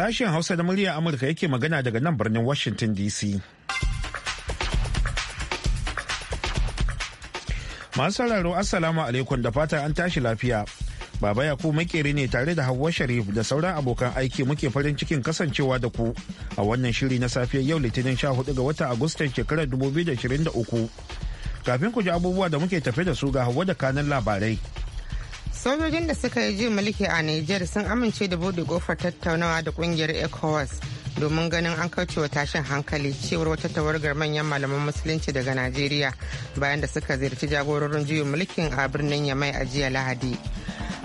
Sashen Hausa da murya Amurka yake magana daga nan birnin Washington DC. Masu sauraro Assalamu alaikum da fata an tashi lafiya. Baba yakub makeri ne tare da Hauwa Sharif da sauran abokan aiki muke farin cikin kasancewa da ku a wannan shiri na safiyar yau Litinin 14 ga watan Agustan shekarar 2023. Kafin ku ji abubuwa da muke tafe da su ga Hauwa da kanan labarai. sojojin da suka yi mulki a niger sun amince da bude kofar tattaunawa da kungiyar ecowas domin ganin an kaucewa tashin hankali cewar wata tawargar manyan malaman musulunci daga najeriya bayan da suka ziyarci jagororin juyin mulkin a birnin yamai a jiya lahadi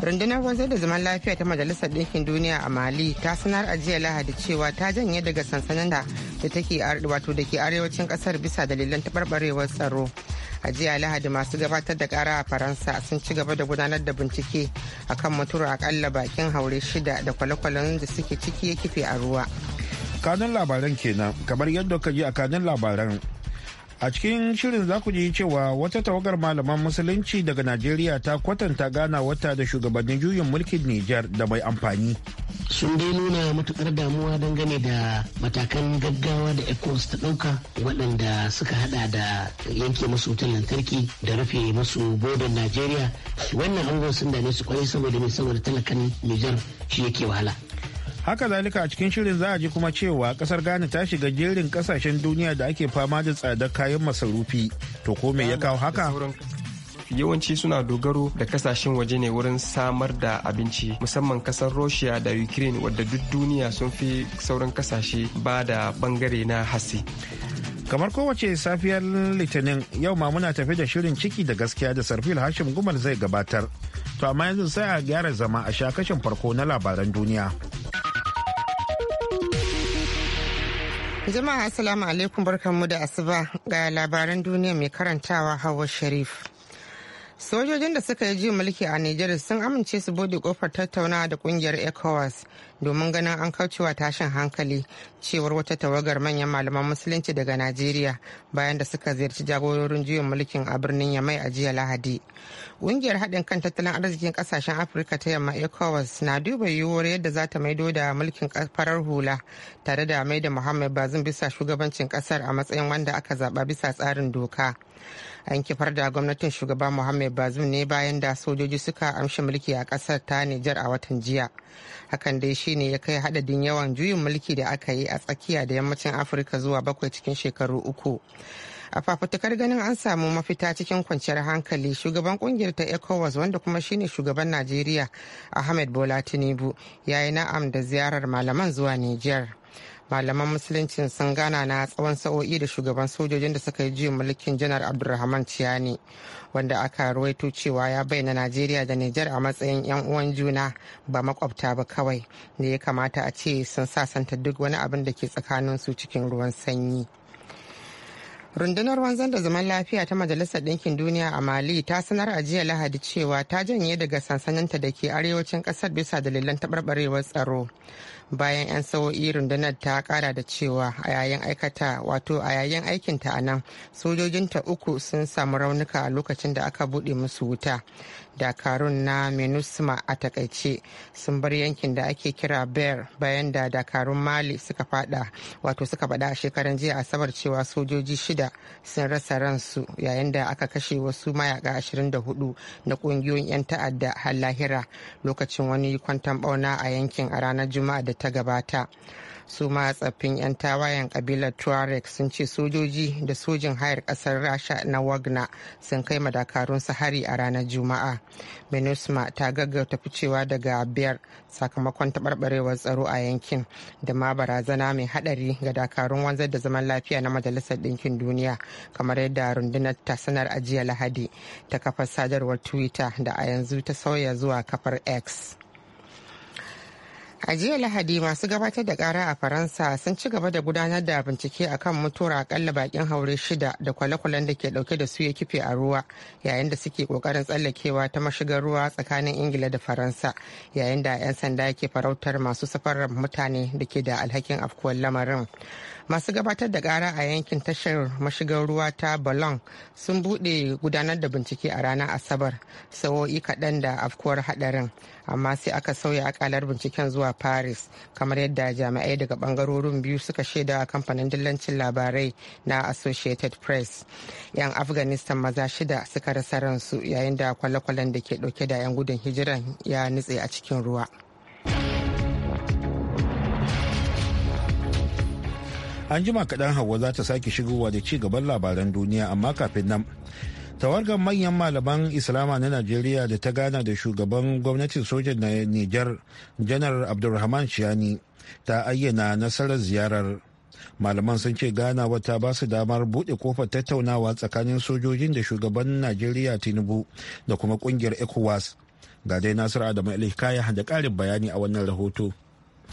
rundunar wanzar da zaman lafiya ta majalisar ɗinkin duniya a mali ta sanar a jiya lahadi cewa ta janye daga sansanin da take wato da ke arewacin ƙasar bisa dalilan taɓarɓarewar tsaro a jiya lahadi masu gabatar da kara a faransa sun ci gaba da gudanar da bincike a kan mutura akalla bakin haure shida da kwale-kwalen da suke ciki ya kife a ruwa kanun labaran kenan kamar yadda ka ji a kanun labaran A cikin shirin za ku ji cewa wata tawagar malaman musulunci daga Najeriya ta kwatanta gana wata da shugabannin juyin mulkin niger da mai amfani. Sun dai nuna matukar damuwa dangane da matakan gaggawa da ECOWAS ta ɗauka waɗanda suka hada da yanke masu wutar lantarki da rufe masu bodon Najeriya. Wannan angon sun dane su kwaye saboda mai saboda talakan niger shi yake wahala. haka zalika a cikin shirin za a ji kuma cewa kasar ghana ta shiga jerin kasashen duniya da ake fama da tsadar kayan masarufi to ko me ya kawo haka yawanci suna dogaro da kasashen waje ne wurin samar da abinci musamman kasar russia da ukraine wadda duk duniya sun fi sauran kasashe ba da bangare na hasi kamar kowace safiyar litinin yau ma muna tafi da shirin ciki da gaskiya da sarfil hashim gumal zai gabatar to amma yanzu sai a gyara zama a sha kashin farko na labaran duniya Jama'a Assalamu alaikum barkanmu da asuba ga labaran duniya mai karantawa Hauwa Sharif. sojojin da suka yi ji mulki a nijar sun amince su bude kofar tattaunawa da kungiyar ecowas domin ganin an kaucewa tashin hankali cewar wata tawagar manyan malaman musulunci daga najeriya bayan da suka ziyarci jagororin juyin mulkin a birnin yamai a jiya lahadi kungiyar haɗin kan tattalin arzikin ƙasashen afirka ta yamma ecowas na duba yiwuwar yadda za ta maido da mulkin farar hula tare da maida muhammad bazin bisa shugabancin ƙasar a matsayin wanda aka zaɓa bisa tsarin doka an kifar da gwamnatin shugaba muhammad bazum ne bayan da sojoji suka amshi mulki a kasar ta nijar a watan jiya hakan dai shine ya kai hadadin yawan juyin mulki da aka yi a tsakiya da yammacin afirka zuwa bakwai cikin shekaru uku a fafutukar ganin an samu mafita cikin kwanciyar hankali shugaban kungiyar ta ecowas wanda kuma shine shugaban najeriya ahmed bola tinubu ya yi na'am da ziyarar malaman zuwa nijar malaman musuluncin sun gana na tsawon sa'o'i da shugaban sojojin da suka yi juyin mulkin janar abdulrahman ciyani wanda aka ruwaito cewa ya bayyana najeriya da nijar a matsayin yan uwan juna ba makwabta ba kawai da ya kamata a ce sun sasanta duk wani abin da ke tsakanin su cikin ruwan sanyi rundunar wanzan da zaman lafiya ta majalisar ɗinkin duniya a mali ta sanar a jiya lahadi cewa ta janye daga sansaninta da ke arewacin ƙasar bisa dalilan taɓarɓarewar tsaro bayan 'yan sa'o'i rundunar ta kara da cewa a yayin aikata wato a yayin aikinta a nan sojojinta uku sun samu raunuka a lokacin da aka buɗe musu wuta dakarun na minusma a takaice sun bar yankin da ake kira bear bayan da dakarun mali suka fada wato suka fada a shekaran jiya asabar cewa sojoji shida sun rasa ransu yayin da aka kashe wasu mayaka 24 na kungiyoyin 'yan ta'adda har lahira lokacin wani kwantan bauna a yankin a ranar juma'a da ta gabata su ma tsaffin 'yan tawayen kabilar tuareg sun ce sojoji da sojin hayar kasar rasha na wagner sun kai madakarun hari a ranar juma'a minusma ta gaggauta ficewa daga biyar sakamakon taɓarɓarewar tsaro a yankin da ma barazana mai haɗari ga dakarun wanzar da zaman lafiya na majalisar ɗinkin duniya kamar yadda rundunar ta sanar a jiya lahadi ta kafar sadarwar twitter da a yanzu ta sauya zuwa kafar x a jiya lahadi masu gabatar da kara a faransa sun ci gaba da gudanar da bincike a kan mutuwar aƙalla bakin haure shida da kwale-kwalen da ke dauke da su ya kife a ruwa yayin da suke kokarin tsallakewa ta mashigar ruwa tsakanin ingila da faransa yayin da 'yan sanda ke farautar masu safarar mutane da ke da alhakin afkuwar lamarin masu gabatar da kara a yankin tashar mashigar ruwa ta balon sun bude gudanar da bincike a ranar asabar sa'o'i kaɗan da afkuwar haɗarin. amma sai aka sauya akalar binciken zuwa paris kamar yadda jami'ai daga bangarorin biyu suka shaida a kamfanin dillancin labarai na associated press yan afghanistan maza shida suka rasa ransu yayin da kwale-kwalen da ke dauke da 'yan gudun hijiran ya nutse a cikin ruwa an jima kaɗan hawa za ta sake shigowa da ci gaban labaran duniya amma kafin nan tawargar manyan malaman islama na najeriya da ta gana da shugaban gwamnatin sojan na niger janar abdulrahman shiani ta ayyana nasarar ziyarar malaman sun ce gana wata ba su damar buɗe kofar tattaunawa tsakanin sojojin da shugaban najeriya tinubu da kuma kungiyar ecowas ga dai nasiru adamu ilhikaya da karin bayani a wannan rahoto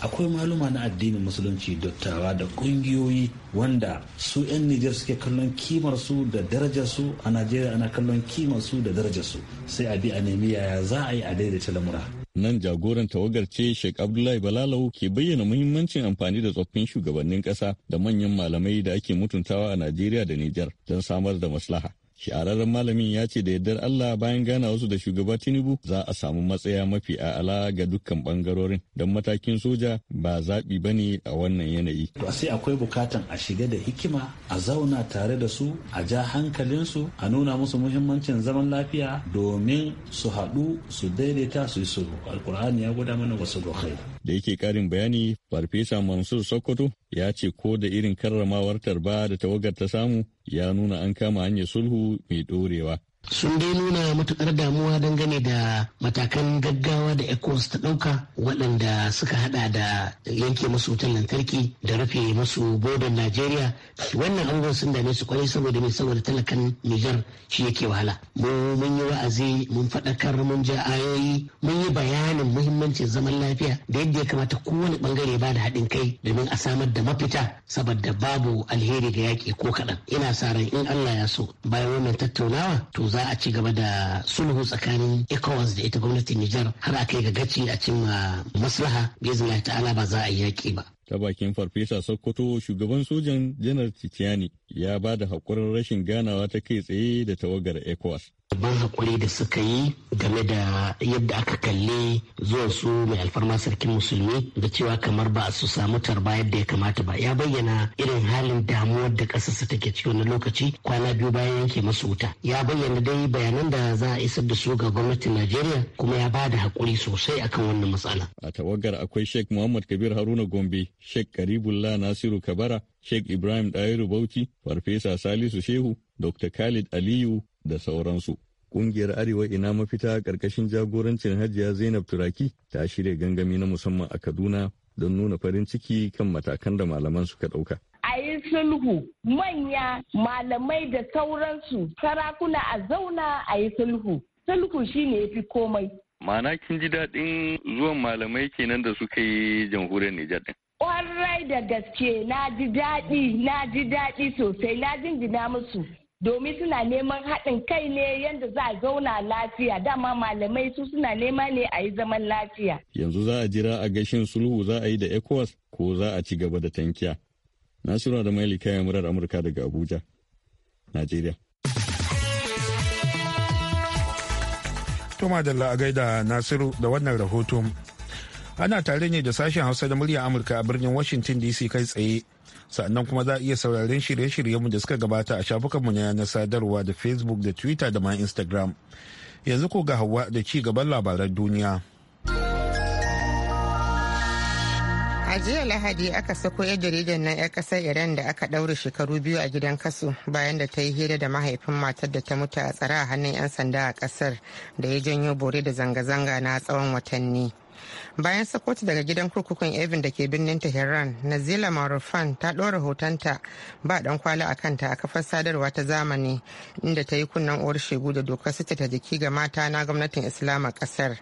akwai maluma na addinin musulunci dattawa da kungiyoyi wanda su 'yan Nijar suke kallon kimar su da darajar su a Najeriya ana kallon kimar su da darajar su sai a bi a nemi yaya za a yi a daidaita lamura. Nan jagoran tawagar ce Sheikh Abdullahi Balalau ke bayyana muhimmancin amfani da tsoffin shugabannin ƙasa da manyan malamai da ake mutuntawa a Najeriya da Nijar don samar da maslaha. shahararren malamin ya ce da yardar Allah bayan gana wasu da shugaba Tinubu za a samu matsaya mafi a'ala ga dukkan bangarorin don matakin soja ba zaɓi ba ne a wannan yanayi. To sai akwai bukatan a shiga da hikima a zauna tare da su a ja hankalinsu a nuna musu muhimmancin zaman lafiya domin su haɗu su daidaita su yi sulhu. Alkur'ani ya gwada mana wasu dokai. Da yake ƙarin bayani Farfesa Mansur Sokoto ya ce ko da irin karramawar tarba da tawagar ta samu ya nuna an kama hanyar sulhu mai ɗorewa sun dai nuna matukar damuwa dangane da matakan gaggawa da ecowas ta dauka waɗanda suka hada da yanke masu wutar lantarki da rufe masu bodan najeriya wannan abubuwan sun dame su kwarai saboda mai saboda talakan niger shi yake wahala mu mun yi wa'azi mun faɗakar mun ja ayoyi mun yi bayanin muhimmancin zaman lafiya da yadda ya kamata kowane bangare ba da haɗin kai domin a samar da mafita saboda babu alheri ga yaƙi ko kaɗan ina sa ran in allah ya so bayan wannan tattaunawa to za a ci gaba da sulhu tsakanin ECOWAS da ita gwamnatin Nijar har a kai ga gaci a cimma maslaha ta ta'ala ba za a yi yaƙi ba. Ta bakin Farfesa Sokoto shugaban sojan Janar Titiani ya ba da haƙurin rashin ganawa ta kai tsaye da tawagar ECOWAS. babban hakuri da suka yi game da yadda aka kalli zuwa su mai alfarma sarkin musulmi da cewa kamar ba su samu tarba yadda ya kamata ba ya bayyana irin halin damuwar da ƙasar su take ciki wani lokaci kwana biyu bayan yanke masu wuta ya bayyana dai bayanan da za a isar da su ga gwamnatin najeriya kuma ya ba da hakuri sosai akan wannan matsala a tawagar akwai sheikh muhammad kabir haruna gombe sheikh karibullah nasiru kabara Sheikh Ibrahim Ɗayiru Bauchi, Farfesa Salisu Shehu, Dr. Khalid Aliyu da sauransu. Kungiyar Arewa ina mafita ƙarƙashin jagorancin Hajiya Zainab Turaki ta shirya gangami na musamman a Kaduna don nuna farin ciki kan matakan da malaman suka ɗauka. a yi sulhu manya malamai da sauransu sarakuna a zauna a yi sulhu sulhu shine ya fi komai ma'ana kin ji daɗin zuwan malamai kenan da suka yi jamhuriyar Nijar ɗin. Ƙwarai da gaske na ji daɗi na ji daɗi sosai na jinjina musu domin suna neman haɗin kai ne yadda za a zauna lafiya dama malamai su suna nema ne a yi zaman lafiya. Yanzu za a jira a gashin sulhu za a yi da ECOWAS ko za a ci gaba da tankiya. Nasiru da Mailika ya murar Amurka daga Abuja, Najeriya. Tuma da la'agaida Nasiru da wannan rahoton ana tare ne da sashen hausa da murya amurka a birnin washington dc kai tsaye sannan kuma za a iya sauraren shirye-shiryenmu da suka gabata a shafukanmu na yanar sadarwa da facebook da twitter da ma instagram yanzu ko ga hawa da ci gaban labaran duniya a jiya lahadi aka sako 'yan jaridar nan yar kasar iran da aka ɗaure shekaru biyu a gidan kasu bayan da ta yi hira da mahaifin matar da ta mutu a tsara a hannun 'yan sanda a kasar da ya janyo bore da zanga-zanga na tsawon watanni bayan sakwato daga gidan kurkukun evin da ke birnin tehran nazila marufan ta ɗora hotonta ba ɗan kwali a kanta a kafar sadarwa ta zamani inda ta yi kunnen uwar shegu da dokar sita ta jiki ga mata na gwamnatin islam a ƙasar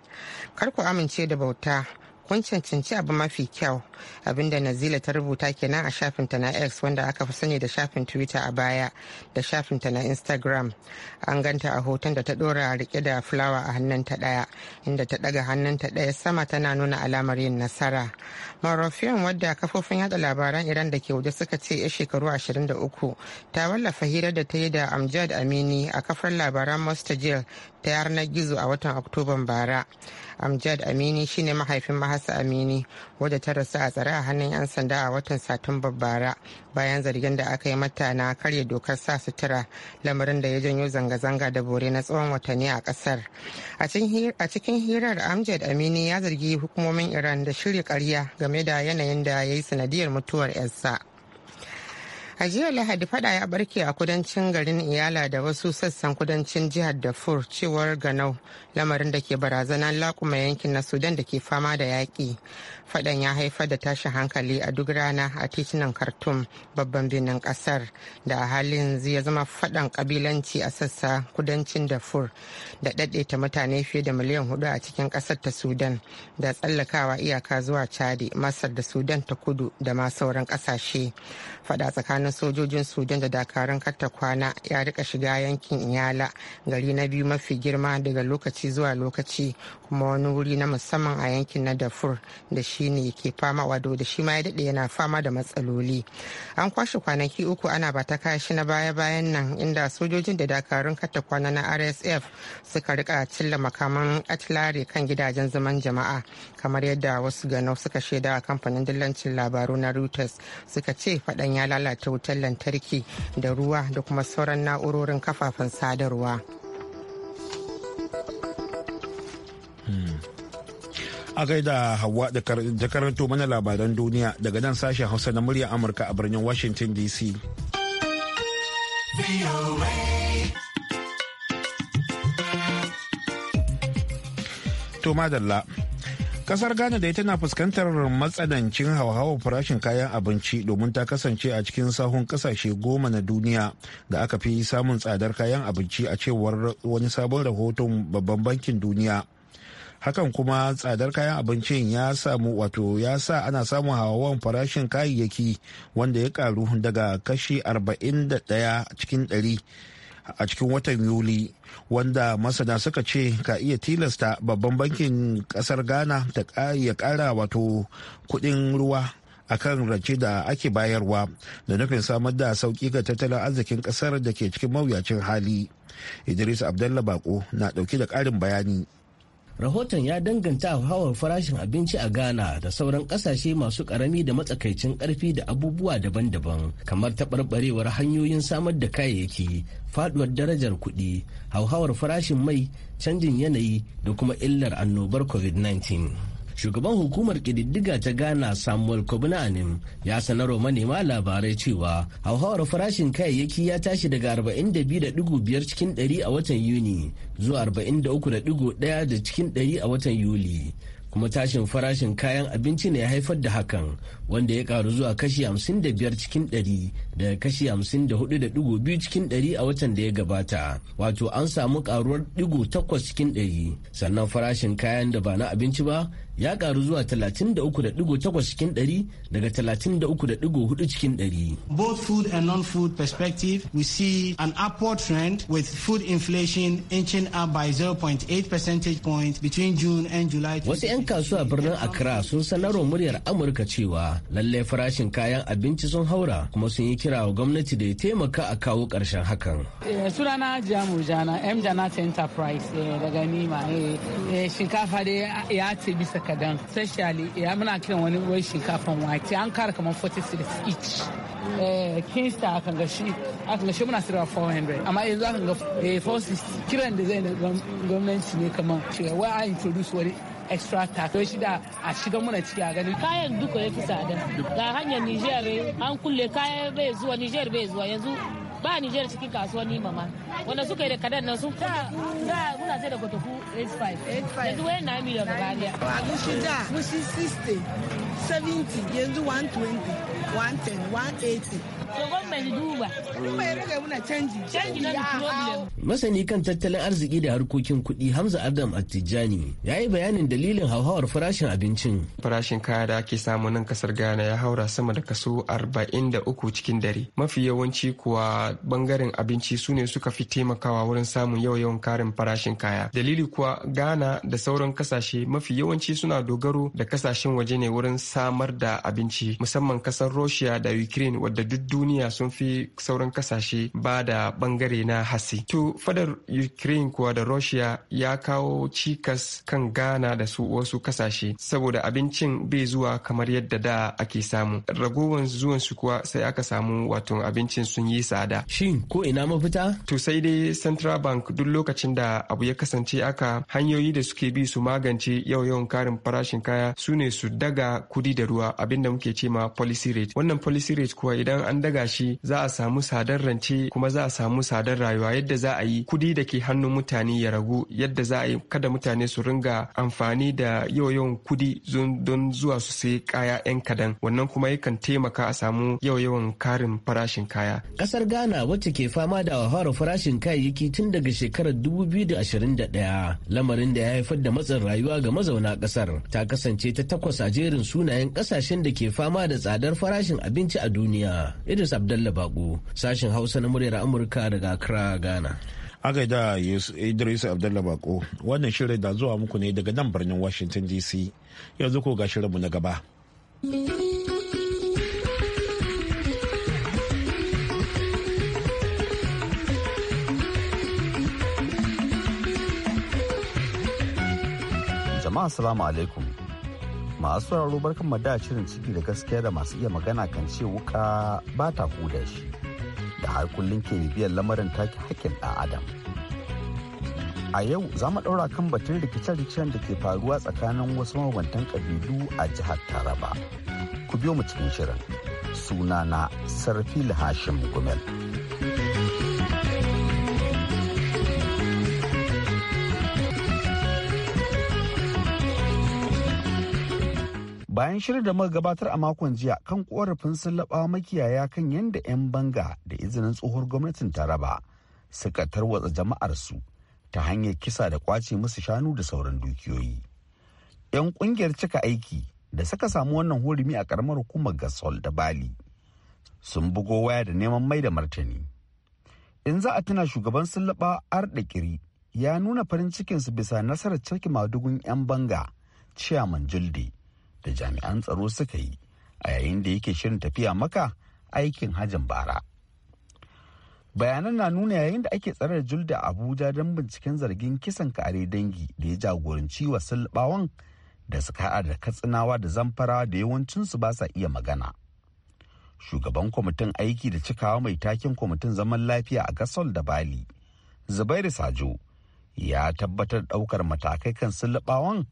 kar ku amince da bauta kun cancanci abu mafi kyau abinda nazila ta rubuta kenan a shafinta na x wanda aka fi sani da shafin twitter a baya da shafinta na instagram an ganta a hoton da ta dora rike da fulawa a hannunta daya inda ta daga hannunta daya sama tana nuna alamar yin nasara marofiyan wadda kafofin yada labaran iran da ke waje suka ce ya shekaru 23 ta wallafa hirar da ta yi da amjad amini a kafar labaran mustajil ta yanar gizo a watan oktoban bara amjad amini shine mahaifin mahasa amini wadda ta rasu a tsare a hannun 'yan sanda a watan satumbar bara bayan zargin da aka yi mata na karya dokar sa sutura lamarin da ya janyo zanga-zanga da bore na tsawon watanni a kasar a cikin hirar amjad amini ya zargi hukumomin iran da shirya karya game da yanayin da ya yi sanadiyar mutuwar 'yarsa A jiya Lahadi fada ya barke a kudancin garin Iyala da wasu sassan kudancin jihar dafur cewar Ganau lamarin da ke barazanar lakuma yankin na Sudan da ke fama da yaƙi. fadan ya haifar da tashi hankali a duk rana a titunan khartoum babban birnin kasar da a halin ya zama fadan kabilanci a sassa kudancin darfur da daidaita mutane fiye da miliyan hudu a cikin kasar ta sudan da tsallakawa iyaka zuwa chadi masar da sudan ta kudu da ma sauran kasashe fada tsakanin sojojin sudan da dakarun karta kwana ya rika shiga yankin iyala gari na biyu mafi girma daga lokaci zuwa lokaci kuma wani wuri na musamman a yankin na dafur da shi shi ne ke fama wado da shi ma ya daɗe yana fama da matsaloli an kwashe kwanaki uku ana ba ta kashi na baya-bayan nan inda sojojin da dakarun katta kwana na rsf suka rika cilla makaman atilare kan gidajen zaman jama'a kamar yadda wasu ganau suka shaida a kamfanin dillancin labaru na reuters suka ce faɗan ya lalata wutar lantarki da ruwa da kuma sauran na'urorin kafafen sadarwa. Hmm. a gaida hawa da karanto mana labaran duniya daga nan sashen hausa na murya amurka a birnin washington dc to madalla kasar ghana da tana fuskantar matsanancin hauhawar farashin kayan abinci domin ta kasance a cikin sahun kasashe goma na duniya da aka fi samun tsadar kayan abinci a cewar wani sabon rahoton babban bankin duniya hakan kuma tsadar kayan abincin ya samu wato ya sa ana samun hawan farashin kayayyaki wanda ya karu daga kashi 41 cikin 100 a cikin watan yuli wanda masana suka ce ka iya tilasta babban bankin kasar ghana ta ya kara wato kudin ruwa akan rance da ake bayarwa da nufin samar da sauki ga tattalin arzikin kasar da ke cikin mawuyacin hali idris abdallah bako na dauke da karin bayani rahoton ya danganta hawan farashin abinci a ghana da sauran kasashe masu karami da matsakaicin karfi da abubuwa daban-daban kamar taɓarɓarewar hanyoyin samar da kayayyaki faduwar darajar kuɗi hauhawar farashin mai canjin yanayi da kuma illar annobar covid-19 shugaban hukumar ƙididdiga ta ghana samuel kobnanim ya sanarwa manema labarai cewa hauhawar farashin kayayyaki ya tashi daga 42.5 cikin 100 a watan yuni zuwa 43.1 da cikin 100 a watan yuli kuma tashin farashin kayan abinci ne ya haifar da hakan wanda ya karu zuwa kashi 55 cikin 100 daga kashi 54.2 cikin 100 a watan da ya gabata wato an samu karuwar digo 8 cikin 100 sannan farashin kayan da ba na abinci ba ya karu zuwa 33.8 cikin 100 daga 33.4 cikin 100. Both food and non-food perspective, we see an upward trend with food inflation inching up by 0.8 percentage point between June and July. Wasu 'yan kasuwa birnin Accra sun sanarwa muryar Amurka cewa lallai farashin kayan abinci sun haura kuma sun yi kira wa gwamnati da ya taimaka a kawo ƙarshen hakan. Eh, sunana Jamu Jana, M Jana Enterprise eh, daga Nima. Eh, shinkafa dai ya ce bisa kasa kadan especially ya muna kiran wani wai shinkafan wake an kara kamar 46 each eh, kinsta akan ga shi akan ga shi muna sirwa 400 amma yanzu akan ga 460 eh, kiran da zai gwamnati ne kamar cewa wai a introduce wani extra tax don shida a shiga muna ciki a gani kayan duka ya fi tsada ga hanyar niger an kulle kayan bai zuwa niger bai zuwa yanzu ba Nijar cikin ni mama wanda suka yi da kadan nan sun da da muna sai da gotoku 85 yanzu wayan na miliyan gaba daya a gushi da gushi 60 70 yanzu 120 110 180 Masani kan tattalin arziki da harkokin kuɗi Hamza Adam Attijani ya yi bayanin dalilin hauhawar farashin abincin. Farashin kaya da ake samu nan kasar Ghana ya haura sama da kaso 43 cikin dare. Mafi yawanci kuwa bangaren abinci su ne suka fi taimakawa wurin samun yawan karin farashin kaya. Dalili kuwa Ghana da sauran kasashe mafi yawanci suna dogaro da kasashen waje ne wurin samar da abinci musamman kasar Russia da Ukraine wadda duk duniya sun fi sauran kasashe ba da bangare na hasi. To fadar Ukraine kuwa da Russia ya kawo cikas kan Ghana da su wasu kasashe saboda abincin bai zuwa kamar yadda da ake samu. Ragowar zuwan su kuwa sai aka samu wato abincin sun yi tsada. Shin ko ina mafita? To sai dai Central Bank duk lokacin da abu ya kasance aka hanyoyi da suke bi su magance yau yawan karin farashin kaya su ne su daga kudi da ruwa abinda muke ce ma policy rate. Wannan policy rate kuwa idan an daga daga shi za a samu sadar rance kuma za a samu sadar rayuwa yadda za a yi kudi da ke hannun mutane ya ragu yadda za a yi kada mutane su ringa amfani da yawan kudi don zuwa su sayi kaya 'yan kadan wannan kuma yakan taimaka a samu yawan karin farashin kaya. Kasar Ghana wacce ke fama da wahalar farashin kayayyaki tun daga shekarar 2021 lamarin da ya haifar da matsin rayuwa ga mazauna kasar ta kasance ta takwas a jerin sunayen kasashen da ke fama da tsadar farashin abinci a duniya. Idris Abdallah Bako, sashen Hausa na muryar Amurka daga Accra, Ghana. A gaida Idris Abdallah Bako, wannan shirin da zuwa muku ne daga nan birnin Washington DC. Yanzu ko ga shirinmu na gaba. Jama'a salamu alaikum. masu sauraro barkan mu da shirin ciki da gaskiya da masu iya magana kan ce wuka ba ta da shi da har kullun ke biyan lamarin take hakkin ɗan adam a yau za mu ɗaura kan batun rikice-rikicen da ke faruwa tsakanin wasu mabantan ƙabilu a jihar taraba ku biyo mu cikin shirin sunana sarfil hashim gumel bayan shirin da muka gabatar a makon jiya kan korafin sallaba makiyaya kan yadda 'yan banga da izinin tsohuwar gwamnatin taraba suka tarwatsa jama'ar su ta hanyar kisa da kwace musu shanu da sauran dukiyoyi 'yan kungiyar cika aiki da suka samu wannan hurumi a karamar hukumar gasol da bali sun bugo waya da neman mai da martani in za a tuna shugaban sallaba arda kiri ya nuna farin cikinsu bisa nasarar cirki madugun 'yan banga ciyaman julde da jami'an tsaro suka yi a yayin da yake shirin tafiya maka aikin hajin bara. Bayanan na nuna yayin da ake tsarar da Julda Abuja don binciken zargin kisan kare dangi da ya jagoranci wa sulbawan da suka haɗa da katsinawa da zamfara da yawancinsu ba sa iya magana. Shugaban kwamitin aiki da cikawa mai takin kwamitin zaman lafiya a Gasol da Bali, Zubairu Sajo, ya tabbatar ɗaukar matakai kan sulɓawan,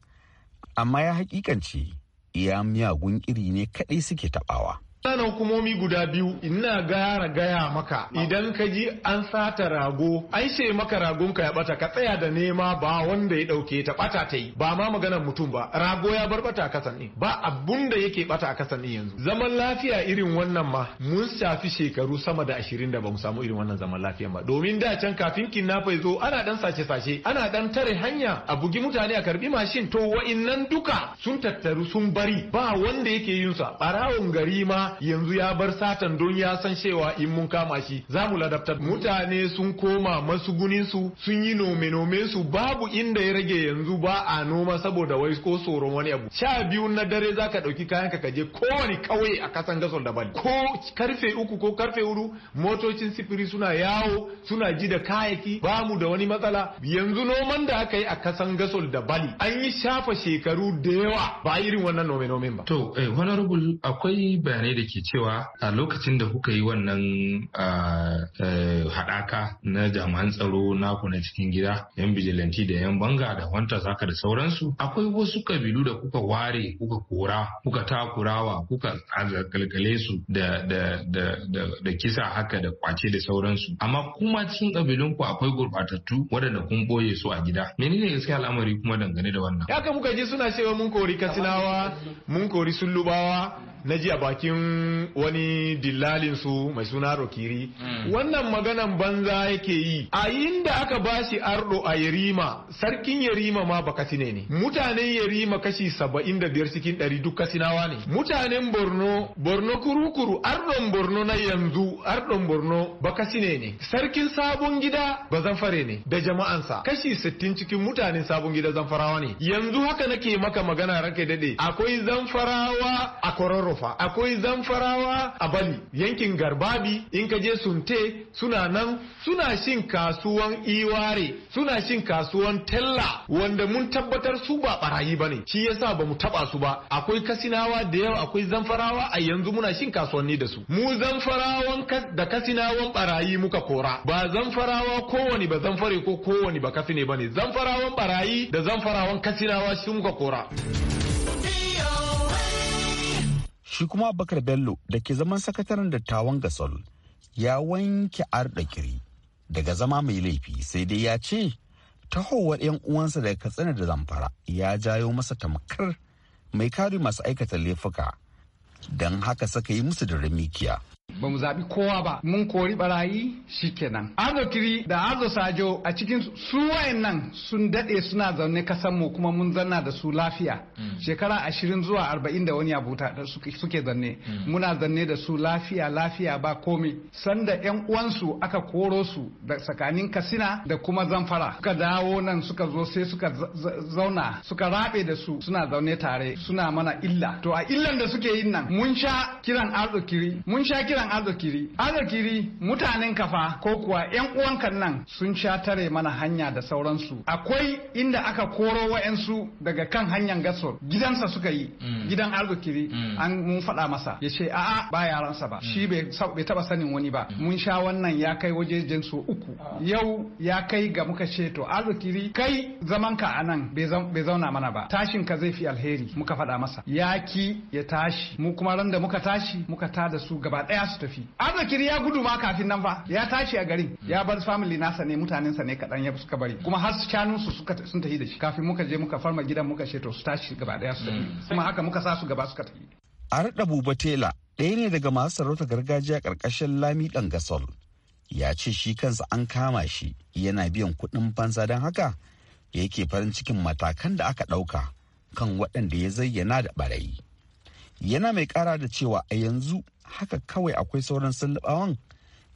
amma ya hakikance iya miyagun iri ne kaɗai suke taɓawa. Sana hukumomi guda biyu ina gara gaya maka idan ka ji an sata rago an ce maka ragonka ya bata ka tsaya da nema ba wanda ya dauke ta bata ta yi ba ma maganar mutum ba rago ya bar bata a kasan din ba abun da yake bata a kasan din yanzu zaman lafiya irin wannan ma mun shafi shekaru sama da ashirin da ba mu samu irin wannan zaman lafiyan ba domin da can kafin kidnapper zo ana dan sace sace ana dan tare hanya a bugi mutane a karbi mashin to wa'innan duka sun tattaru sun bari ba wanda yake yin sa barawon gari ma yanzu ya bar satan don ya san cewa in mun kama shi za mu ladabtar mutane sun koma masugunin su sun yi nome nome su babu inda ya rage yanzu ba a noma saboda wai ko tsoron wani abu sha biyu na dare zaka ɗauki kayan ka je kowane ƙauye a kasan gasol bali. ko karfe uku ko karfe hudu motocin sifiri suna yawo suna ji da kayaki ba mu da wani matsala yanzu noman da aka yi a kasan gasol da bali an yi shafa shekaru da yawa ba irin wannan nome nomen ba to eh honorable akwai bayanai da ke cewa a lokacin da kuka yi wannan haɗaka na jami'an tsaro naku na cikin gida yan bijilanti da yan banga da wanta zaka da sauransu akwai wasu kabilu da kuka ware kuka kora kuka takurawa kuka azakalkale su da kisa haka da kwace da sauransu amma kuma cikin kabilun ku akwai gurbatattu waɗanda kun boye su a gida menene gaskiya al'amari kuma dangane da wannan Ya ka muka ji suna cewa mun kori katsinawa mun kori sullubawa na ji a bakin wani dillalin su mai suna rokiri hmm. wannan maganan banza yake yi a yinda aka ba shi ardo a yarima sarkin yarima ma baka ne ne mutanen yarima kashi saba'in da biyar cikin ɗari duk kasinawa ne mutanen borno borno kurukuru ardon borno na yanzu ardon borno baka ne ne sarkin sabon gida ba bazanfare ne da jama'ansa kashi sittin cikin mutanen sabon gida zamfarawa ne yanzu haka nake maka magana ranka dade akwai zamfarawa a kororo rufa akwai zamfarawa a bali yankin garbabi in ka je sunte suna nan suna shin kasuwan iware suna shin kasuwan tella wanda mun tabbatar su ba barayi bane shi yasa ba mu taba su ba akwai kasinawa da yawa akwai zamfarawa a yanzu muna shin kasuwanni da su mu zamfarawan da kasinawan barayi muka kora ba zamfarawa kowani ba zamfare ko kowani ba kafine bane zamfarawan barayi da zamfarawan kasinawa sun muka kora shi kuma bakar bello da ke zaman sakataren dattawan gasol ya wanke arɗakiri daga zama mai laifi sai dai ya ce tahowar 'yan uwansa daga katsina da zamfara ya jayo masa tamkar mai kare masu aikata laifuka don haka saka yi musu da ramikiya ba mu zaɓi kowa ba mun kori barayi shikenan azo tiri da azo sajo a cikin su wayannan sun daɗe suna zaune kasan mu kuma mun zanna da su lafiya mm. shekara ashirin zuwa arba'in da wani abu suke zanne mm. muna zanne da su lafiya lafiya ba komai. sanda yan uwansu aka koro su da tsakanin kasina da kuma zamfara suka dawo nan suka zo sai suka zauna suka rabe da su suna zaune tare suna mana illa to a illan da suke yin nan mun sha kiran arzikiri mun sha kiran Arzikiri. Arzikiri mutanen kafa ko kuwa yan uwanka nan sun sha tare mana hanya da sauransu akwai inda aka koro wa'yansu daga kan hanyar gaso gidansa suka yi mm. gidan arzikiri. Mm. an mun faɗa masa ya ce a'a ba yaransa ba mm. shi bai taba sanin wani ba mun sha wannan ya kai wajejen so uku ah. yau ya kai ga muka ce to arzikiri kai zamanka a nan bai zauna mana ba tashin ka zai fi alheri muka faɗa masa ya ki ya tashi mu kuma randa muka tashi muka da su gaba ɗaya su tafi ya gudu ma kafin nan fa ya tashi a garin hmm. ya bar family nasa ne mutanen sa ne kadan ya suka bari kuma har shanu su suka sun tafi da shi kafin muka je muka farma gidan muka ce to su tashi gaba daya su tafi hmm. kuma haka muka sa su gaba suka tafi Arda Bubatela ɗaya ne daga masu sarauta gargajiya ƙarƙashin Lami gasol ya ce shi kansa an kama shi yana biyan kuɗin fansa don haka yake farin cikin matakan da aka ɗauka kan waɗanda ya zayyana da ɓarayi. Yana mai ƙara da cewa a yanzu haka kawai akwai sauran sallabawan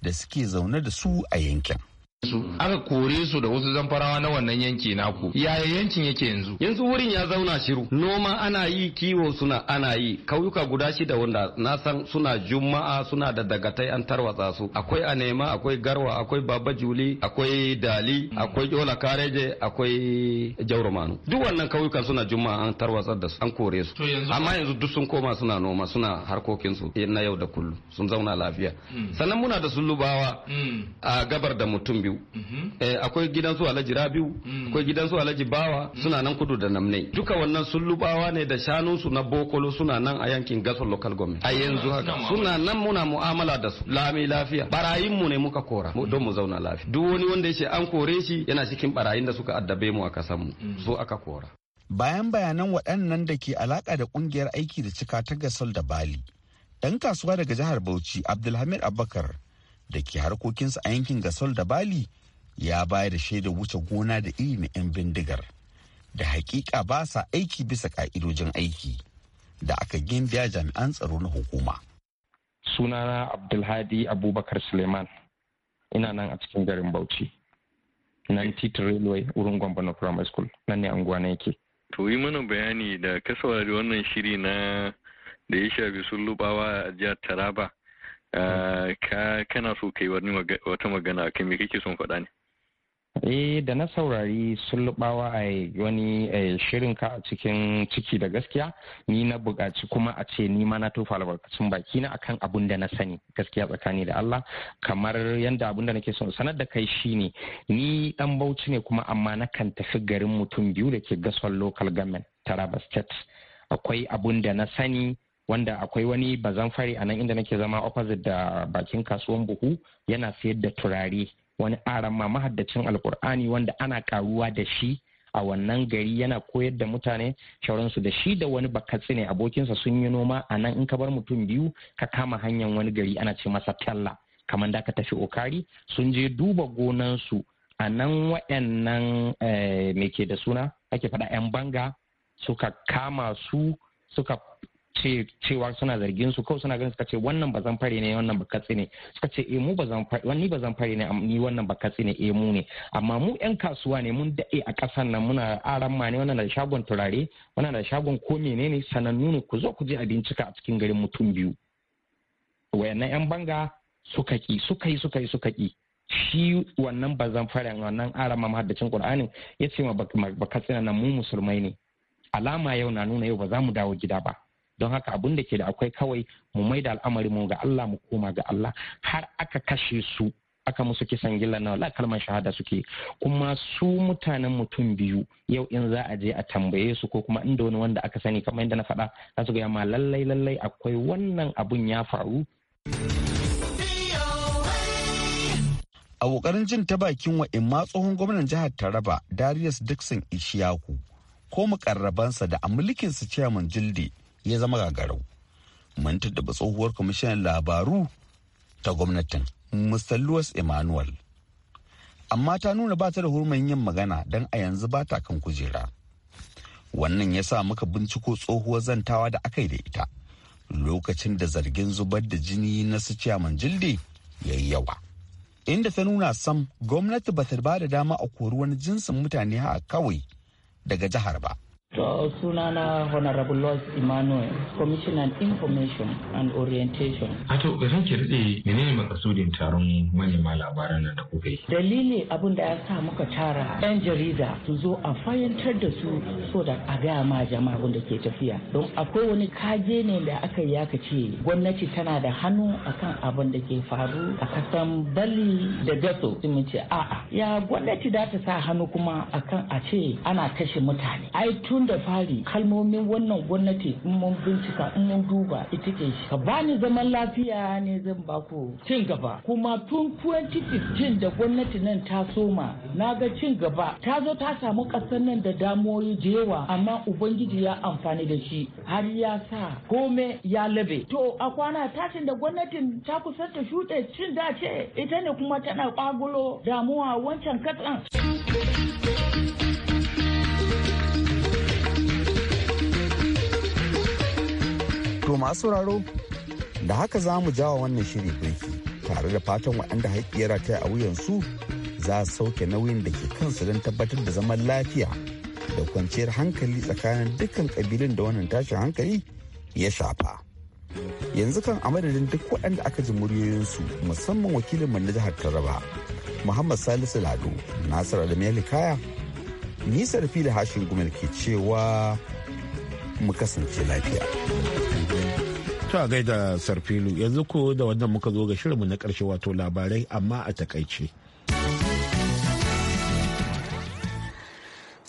da suke zaune da su a yankin. su aka kore su da wasu zamfarawa na wannan yanki naku yaya yankin yake yanzu yanzu wurin ya zauna shiru noma ana yi kiwo suna ana yi kauyuka guda shida wanda na san suna juma'a suna da dagatai an tarwatsa su akwai anema akwai garwa akwai baba juli akwai dali akwai yola kareje akwai jaurumanu duk wannan kauyuka suna juma'a an tarwatsar da su an kore su amma yanzu duk sun koma suna noma suna harkokin su na yau da kullum sun zauna lafiya hmm. sannan muna da sulubawa hmm. a gabar da mutum biyu biyu mhm. eh, akwai gidan su alhaji rabiu mm. akwai gidan su alhaji bawa mm. suna nan kudu da namne duka wannan sun lubawa ne da shanunsu na bokolo suna nan a yankin gasar local government a yanzu haka suna nan muna mu'amala da su lami lafiya barayin mu ne muka kora don mu zauna lafiya duk wani wanda ya ce an kore shi yana cikin barayin da suka addabe mu a kasan mu mm. so aka kora bayan bayanan waɗannan da ke alaƙa da ƙungiyar aiki da cika ta gasol da bali ɗan kasuwa daga jihar bauchi abdulhamid abubakar da ke harkokinsa a yankin gasol da bali ya bayar da shaidar wuce gona da iri na 'yan bindigar da hakika ba sa aiki bisa ka'idojin aiki da aka gimbiya jami'an tsaro na hukuma sunana abdulhadi abubakar suleiman ina nan a cikin garin bauchi nan titin railway wurin gwamnati primary school nan ne anguwa na yake to yi mana bayani da kasawa da wannan shiri na da ya shafi sun lubawa a jihar taraba Eh, ka kana so kai wata magana kai me kake son faɗa ne eh da na saurari sulubawa a wani eh, shirin ka a cikin ciki da gaskiya ni na buƙaci kuma a ce ni ma na tofa albarkacin baki na akan abun da na sani gaskiya tsakani da Allah kamar yadda abun da nake son sanar da kai shine ni dan bauchi ne kuma amma na kan tafi garin mutum biyu da ke gasar local government Taraba state akwai abun da na sani wanda akwai wani bazan fari a nan inda nake zama opposite da bakin kasuwan buhu yana sayar da turare wani ma mahaddacin alkur'ani wanda ana karuwa da shi a wannan gari yana koyar da mutane shauransu da shi da wani bakatsi ne abokinsa sun yi noma a nan in ka bar mutum biyu ka kama hanyar wani gari ana ce masa talla kamar da ka tafi okari sun je duba gonansu a nan waɗannan eh, me ke da suna ake faɗa 'yan banga suka kama su suka ce cewa suna zargin su kawai suna ganin suka ce wannan ba zan fare ne wannan ba katsi ne suka ce eh mu ba zan fare wani ba zan fare ne ni wannan ba katsi ne eh mu ne amma mu yan kasuwa ne mun dade a kasan nan muna aran ma ne wannan da shagon turare wannan da shagon ko menene sanannu ne ku zo ku je a bincika a cikin garin mutum biyu wayannan yan banga suka ki suka yi suka yi suka ki shi wannan bazan faren wannan arama mahaddacin qur'anin ya ce ma bakatsina nan mu musulmai ne alama yau na nuna yau ba za mu dawo gida ba don haka abin da ke da akwai kawai mu mai da al'amari mu ga Allah mu koma ga Allah har aka kashe su aka musu kisan gilla na wala kalmar shahada suke kuma su mutanen mutum biyu yau in za a je a tambaye su ko kuma inda wani wanda aka sani kamar yadda na faɗa za su ga ma lallai lallai akwai wannan abun ya faru a kokarin jin ta bakin wa'imma tsohon gwamnan jihar taraba darius dixon ishiyaku ko mukarrabansa da a su ciyaman jilde ya zama gagarau mun tattaba tsohuwar kwamishinan labaru ta gwamnatin mr louis emmanuel amma ta nuna ba ta da hurman yin magana don a yanzu ba ta kan kujera wannan ya sa muka binciko tsohuwar zantawa da aka yi da ita lokacin da zargin zubar da jini na su ciyaman jilde ya yi yawa inda ta nuna sam gwamnati ba ta ba da dama a kori wani jinsin mutane a kawai daga jihar ba To na Honorable Lois Emmanuel, Commissioner Information and Orientation. A to ga ranke daɗe menene makasudin taron manema labaran nan da kuka yi? Dalili abin da ya sa muka tara 'yan jarida su zo a fayantar da su so da a gaya ma jama'a abin da ke tafiya. Don akwai wani kage ne da aka yi aka ce gwamnati tana da hannu akan abin da ke faru a kasan Bali da Gaso. Sun ce a'a ya gwamnati da ta sa hannu kuma akan a ce ana kashe mutane. Ai tun da fari kalmomin wannan gwamnati in mun bincika in mun duba ita ke shi ka bani zaman lafiya ne zan ba ku cin gaba kuma tun 2015 da gwamnati nan ta soma na ga cin gaba ta zo ta samu ƙasar nan da damuwoyi da yawa amma ubangiji ya amfani da shi har ya sa kome ya labe to a kwana tashin da gwamnatin ta kusa ta shuɗe cin dace ita ne kuma tana ƙwagulo damuwa wancan katsan. To masu sauraro da haka za mu jawa wannan shiri birki tare da fatan waɗanda haƙƙi ta a wuyansu za a sauke nauyin da ke kansu don tabbatar da zaman lafiya da kwanciyar hankali tsakanin dukkan ƙabilun da wannan tashin hankali ya shafa. Yanzu kan a madadin duk waɗanda aka ji muryoyinsu musamman wakilin mu na jihar Taraba, Muhammad Salisu Lado, Nasiru Adamu Kaya, Nisar Fili Hashin Gumel ke cewa mu kasance lafiya. To a gaida Sarfilu yanzu ko da wannan muka zo ga shirinmu na ƙarshe wato labarai amma a takaice.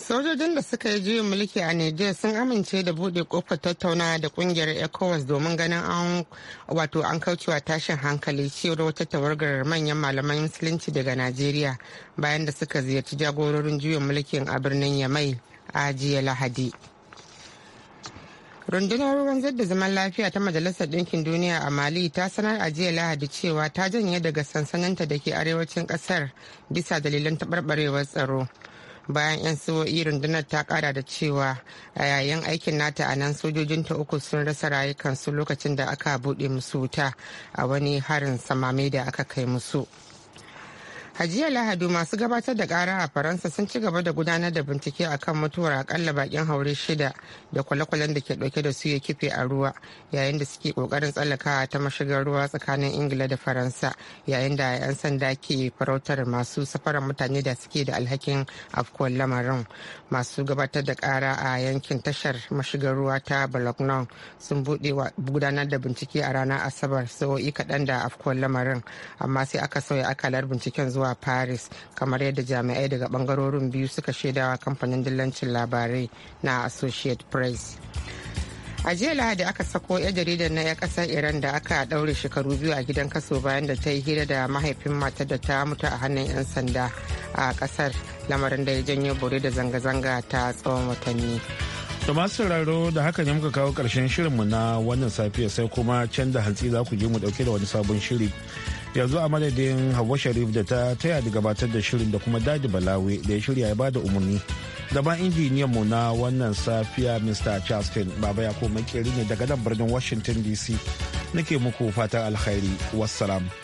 Sojojin da suka yi juyin mulki a Nijar sun amince da buɗe kofar tattaunawa da kungiyar ECOWAS domin ganin an wato an kaucewa tashin hankali cewar wata tawargar manyan malaman musulunci daga Najeriya bayan da suka ziyarci jagororin juyin mulkin a birnin Yamai a jiya Lahadi. rundunar ruwan da zaman lafiya ta majalisar ɗinkin duniya a mali ta sanar a jiya lahadi cewa ta janye daga sansaninta da ke arewacin ƙasar bisa dalilan taɓarɓarewar tsaro bayan 'yan sa'o'i rundunar ta ƙara da cewa a yayin aikin nata a nan sojojinta uku sun rasa rayukansu lokacin da aka buɗe musu wuta a wani harin samame da aka kai musu. a jiya lahadi masu gabatar da kara a faransa sun ci gaba da gudanar da bincike a kan mutuwar akalla bakin haure shida da kwale-kwalen da ke dauke da su ya kife a ruwa yayin da suke kokarin tsallakawa ta mashigar ruwa tsakanin ingila da faransa yayin da 'yan sanda ke farautar masu safarar mutane da suke da alhakin afkuwar lamarin masu gabatar da kara a yankin tashar mashigar ruwa ta bologna sun bude gudanar da bincike a ranar asabar sa'o'i kaɗan da afkuwar lamarin amma sai aka sauya akalar binciken zuwa zuwa paris kamar yadda jami'ai daga bangarorin biyu suka shaidawa kamfanin dillancin labarai na associate press a jiya lahadi aka sako 'yan jaridar na 'yan kasar iran da aka daure shekaru biyu a gidan kaso bayan da ta yi hira da mahaifin matar da ta mutu a hannun 'yan sanda a kasar lamarin da ya janyo bore da zanga-zanga ta tsawon watanni To masu sauraro da haka ne muka kawo ƙarshen shirinmu na wannan safiya sai kuma can da hantsi za ku je mu ɗauke da wani sabon shiri. Yanzu a madadin Hauwa Sharif da ta taya da gabatar da shirin da kuma Dadi Balawe da ya shirya ya bada umarni. Gaba injiniyan mu na wannan safiya Mr. Charleston Baba ya ko makeri ne daga nan birnin Washington DC. Nake muku fatan alkhairi. Wassalam.